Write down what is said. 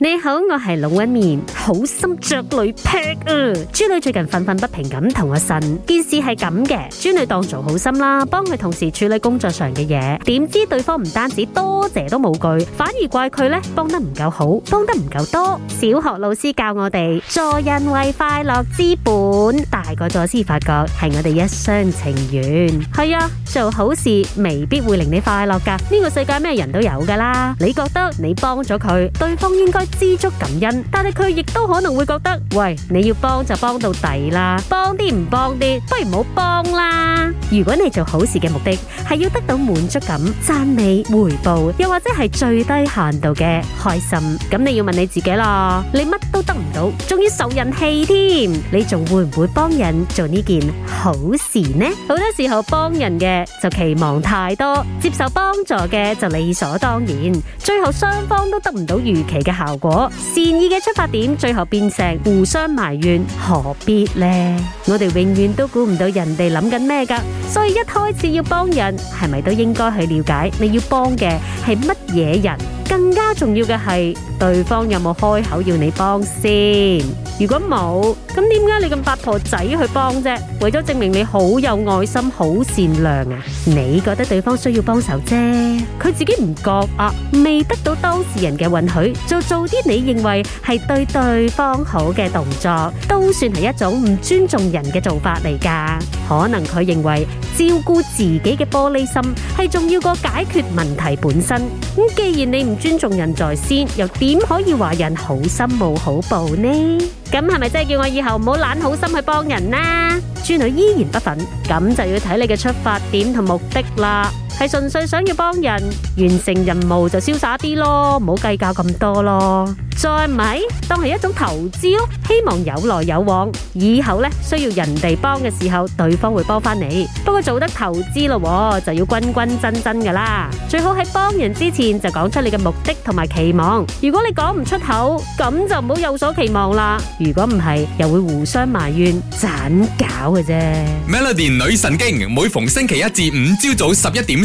你好，我係龍紋敏，好心着雷劈啊、呃！豬女最近憤憤不平咁同我呻，件事係咁嘅。豬女當做好心啦，幫佢同事處理工作上嘅嘢，點知對方唔單止多謝都冇句，反而怪佢咧幫得唔夠好，幫得唔夠多。小學老師教我哋助人為快樂之本，大個咗先發覺係我哋一廂情願。係啊，做好事未必會令你快樂噶。呢、這個世界咩人都有噶啦，你覺得你幫咗佢，對方應該，知足感恩，但係佢亦都可能會覺得，喂，你要幫就幫到底啦，幫啲唔幫啲，不如唔好幫啦。如果你做好事嘅目的係要得到滿足感、讚美、回報，又或者係最低限度嘅開心，咁你要問你自己啦，你乜都得唔到，仲要受人氣添，你仲會唔會幫人做呢件好事呢？好多時候幫人嘅就期望太多，接受幫助嘅就理所當然，最後雙方都得唔到預期嘅效。如果善意嘅出發點，最後變成互相埋怨，何必咧？我哋永遠都估唔到人哋諗緊咩噶，所以一開始要幫人，係咪都應該去了解你要幫嘅係乜嘢人，更加。重要嘅係對方有冇開口要你幫先？如果冇，咁點解你咁八婆仔去幫啫？為咗證明你好有愛心、好善良啊？你覺得對方需要幫手啫？佢自己唔覺啊？未得到當事人嘅允許就做啲你認為係對對方好嘅動作，都算係一種唔尊重人嘅做法嚟噶。可能佢認為照顧自己嘅玻璃心係重要過解決問題本身。咁既然你唔尊重，人在先，又點可以話人好心冇好報呢？咁係咪真係叫我以後唔好懶好心去幫人呢？豬女依然不忿，咁就要睇你嘅出發點同目的啦。係純粹想要幫人完成任務，就瀟灑啲咯，唔好計較咁多咯。再唔係當係一種投資咯，希望有來有往。以後咧需要人哋幫嘅時候，對方會幫翻你。不過做得投資咯，就要均均真真噶啦。最好喺幫人之前就講出你嘅目的同埋期望。如果你講唔出口，咁就唔好有所期望啦。如果唔係，又會互相埋怨，盞搞嘅啫。Melody 女神經，每逢星期一至五朝早十一點